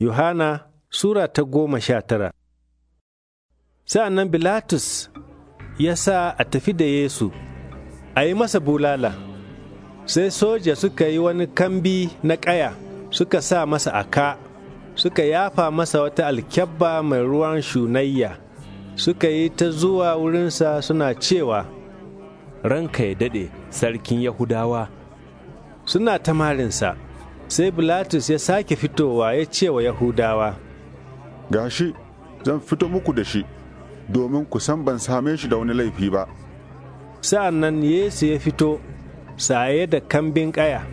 Yohana Sura ta goma sha tara Sa'an nan Bilatus ya sa a tafi da Yesu, a yi masa bulala, sai soja suka yi wani kambi na ƙaya suka sa masa aka, suka yafa masa wata alkyabba mai ruwan shunayya, suka yi ta zuwa wurinsa suna cewa, Ranka ya daɗe, sarkin Yahudawa, suna tamarinsa. sai Bilatus ya sake fitowa ya ce wa Yahudawa, Gashi, zan fito muku da shi, domin ku san ban same shi da wani laifi ba. Sa'an nan Yesu ya fito, saye da kambin ƙaya,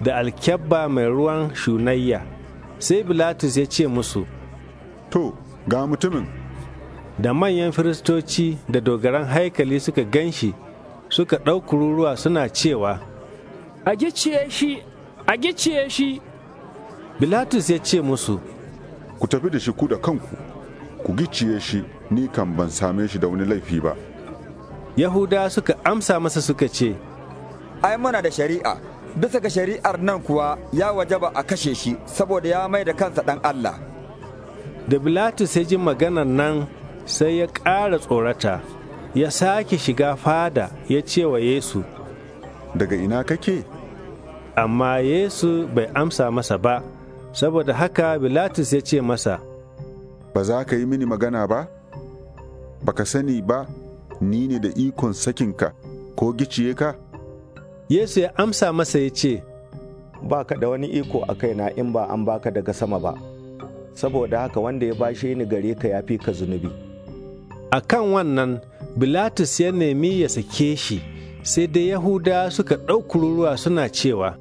da alkyabba mai ruwan shunayya, sai Bilatus ya ce musu, To, ga mutumin. Da manyan firistoci da dogaran haikali suka ganshi suka ɗau kururuwa suna cewa, A gicciye shi a gicciye shi bilatus ya ce musu ku tafi da shi ku da kanku ku gicciye shi ni kan ban same shi da wani laifi ba yahuda suka amsa masa suka ce ai muna da shari'a bisa ga shari'ar nan kuwa ya ba a kashe shi saboda ya mai da kansa dan allah da bilatus ya ji maganar nan sai ya ƙara tsorata ya sake shiga fada ya ce wa yesu daga ina kake amma Yesu bai amsa masa ba, saboda haka Bilatus ya ce masa, Ba za ka yi mini magana ba? Ba ka sani ba, ni ne da ikon sakinka ko giciye ka? Yesu ya amsa masa ya ce, Ba ka da wani iko a kaina in ba an baka daga sama ba, saboda haka wanda ya bashe ni gare ka ya fi ka zunubi. A kan wannan, Bilatus ya nemi ya sake shi, sai dai Yahuda suka ɗaukururuwa kururuwa suna cewa,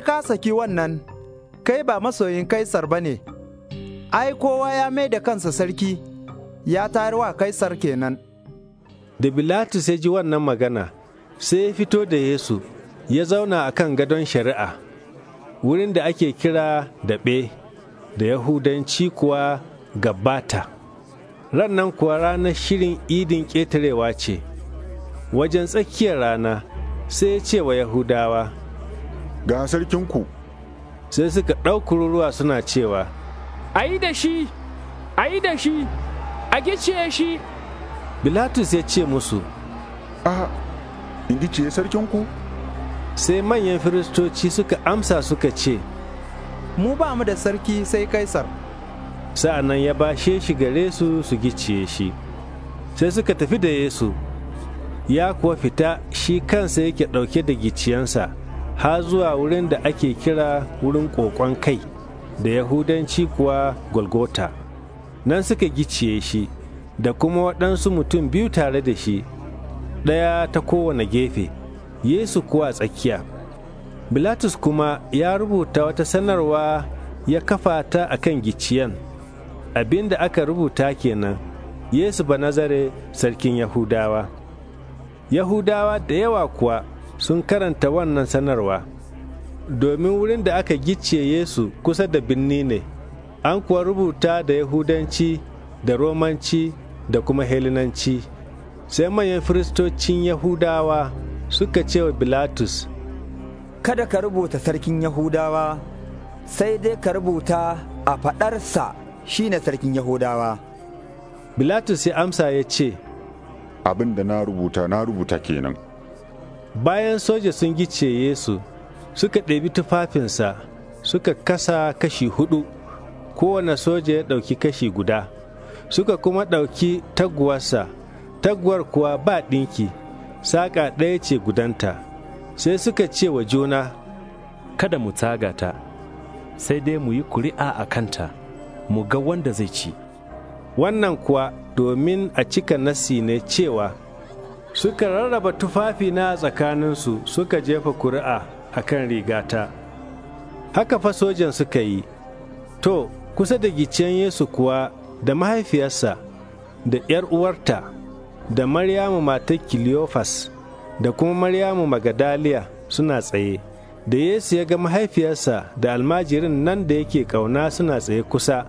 ka saki wannan, kai ba masoyin Kaisar ba ne, ai, kowa ya mai da kansa sarki, ya wa Kaisar kenan. Da Bilatus ya ji wannan magana, sai ya fito da Yesu, ya zauna a kan gadon shari'a, wurin da ake kira daɓe, da Yahudanci kuwa gabata. Rannan kuwa ranar shirin idin ƙetarewa ce, wajen tsakiyar rana sai ya ce wa Yahudawa, ga sarkinku sai suka ɗauki ruwa suna cewa a yi da shi a yi da shi a gice shi bilatus ya ce musu a in gice sarkinku sai manyan firistoci suka amsa suka ce mu ba mu da sarki sai kaisar sa'an nan ya bashe shi gare su su gice shi sai suka tafi da yesu ya kuwa fita shi kansa yake ɗauke da giciyansa har zuwa wurin da ake kira wurin ƙoƙon kai da yahudanci kuwa golgota nan suka giciye shi da kuma waɗansu mutum biyu tare da shi ɗaya ta kowane gefe yesu kuwa tsakiya bilatus kuma ya rubuta wata sanarwa ya kafa ta a kan giciyan abin aka rubuta kenan yesu ba nazare sarkin yahudawa yahudawa da yawa kuwa sun karanta wannan sanarwa domin wurin da aka gicciye Yesu kusa da binni ne an kuwa rubuta da yahudanci da romanci da kuma helenanci sai manyan firistocin yahudawa suka ce wa bilatus kada ka rubuta sarkin yahudawa sai dai ka rubuta a faɗarsa shine sarkin yahudawa bilatus ya amsa ya ce abin da na rubuta na rubuta kenan. bayan soja sun gice yesu suka ɗebi tufafinsa suka kasa kashi hudu kowane soja ya ɗauki kashi guda suka kuma ɗauki taguwarsa taguwar kuwa ba ɗinki saƙa ɗaya ce gudanta sai suka ce wa juna kada mu taga ta sai dai mu yi kuri'a a kanta mu ga wanda zai ci wannan kuwa domin a cika nasi ne cewa suka rarraba tufafi na tsakaninsu suka jefa kuri'a a kan rigata haka fa sojan suka yi to kusa da gicciyen yesu kuwa da mahaifiyarsa da ‘yar uwarta da maryamu matar kiliofas da kuma maryamu magadaliya suna tsaye da yesu ya ga mahaifiyarsa da almajirin nan da yake ƙauna suna tsaye kusa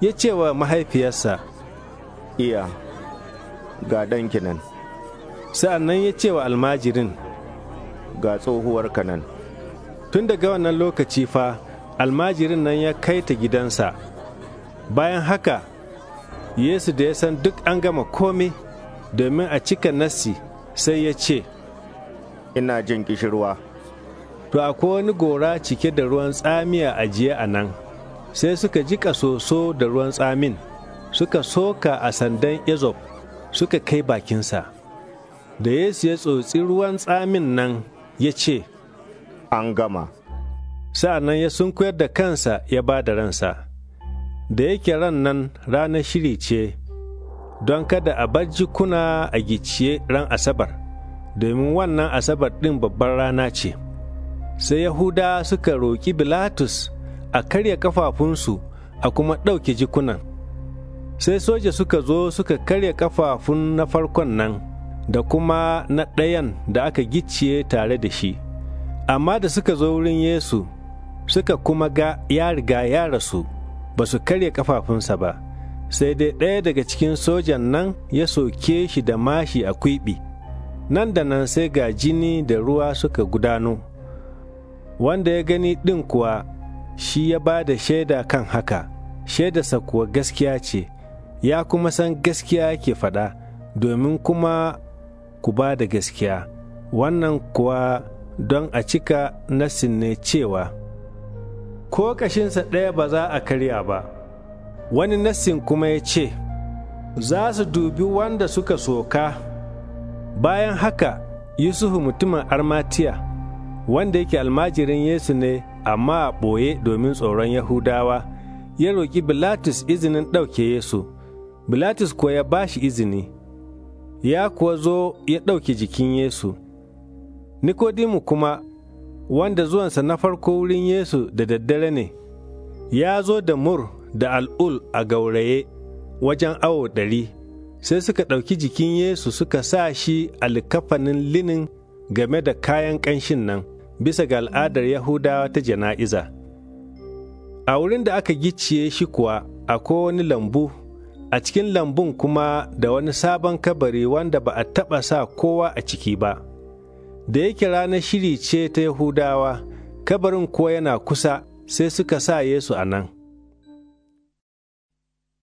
ya ce wa mahaifiyarsa iya ga danki nan sa'an nan ya ce wa almajirin ga tsohuwar kanan tun daga wannan lokaci fa almajirin nan ya kai ta gidansa bayan haka yesu da ya san duk an gama komai domin a cika nassi sai ya ce ina jin kishirwa to akwai wani gora cike da ruwan tsamiya ajiye a nan sai suka ji soso da ruwan tsamin suka soka a sandan ezop suka kai bakinsa da Yesu ya tsotsi ruwan tsamin nan ya ce, An gama. Sa'an nan ya sunkuyar da kansa ya ba da ransa, da yake ran nan ranar shiri ce, don kada a bar jikuna a gicciye ran Asabar, domin wannan Asabar ɗin babbar rana ce. Sai Yahuda suka roƙi Bilatus a karya kafafunsu a kuma ɗauke jikunan. Sai soja suka zo suka karya kafafun na farkon nan. da kuma na ɗayan da aka gicciye tare da shi. Amma da suka zo wurin Yesu, suka kuma ga ya riga ya rasu, ba su karya ƙafafunsa ba, sai dai ɗaya daga cikin sojan nan ya soke shi da mashi a kwiɓi. Nan da nan sai ga jini da ruwa suka gudano. Wanda ya gani ɗin kuwa shi ya ba da shaida kan haka, shaidarsa kuwa gaskiya ce, ya kuma san gaskiya ke faɗa, domin kuma ku ba da gaskiya, wannan kuwa don a cika nassin ne cewa, Ko ƙashinsa ɗaya ba za a karya ba, wani nassin kuma ya ce, Za su dubi wanda suka soka, bayan haka Yusufu mutumin Armatiya, wanda yake almajirin Yesu ne amma a ɓoye domin tsoron Yahudawa, ya roƙi Bilatus izinin ɗauke Yesu, Bilatus kuwa ya ba shi izini. ya kuwa zo ya ɗauki jikin Yesu. Nikodimu kuma, wanda zuwansa na farko wurin Yesu da daddare ne, ya zo da mur da al'ul a gauraye wajen awo ɗari, sai suka ɗauki jikin Yesu suka sa shi a likafanin linin game da kayan ƙanshin nan, bisa ga al'adar Yahudawa ta jana'iza. A wurin da aka gicciye shi kuwa, akwai wani lambu a cikin lambun kuma da wani sabon kabari wanda ba a taɓa sa kowa a ciki ba. Da yake ranar shiri ce ta Yahudawa, kabarin kuwa yana kusa sai suka sa Yesu a nan.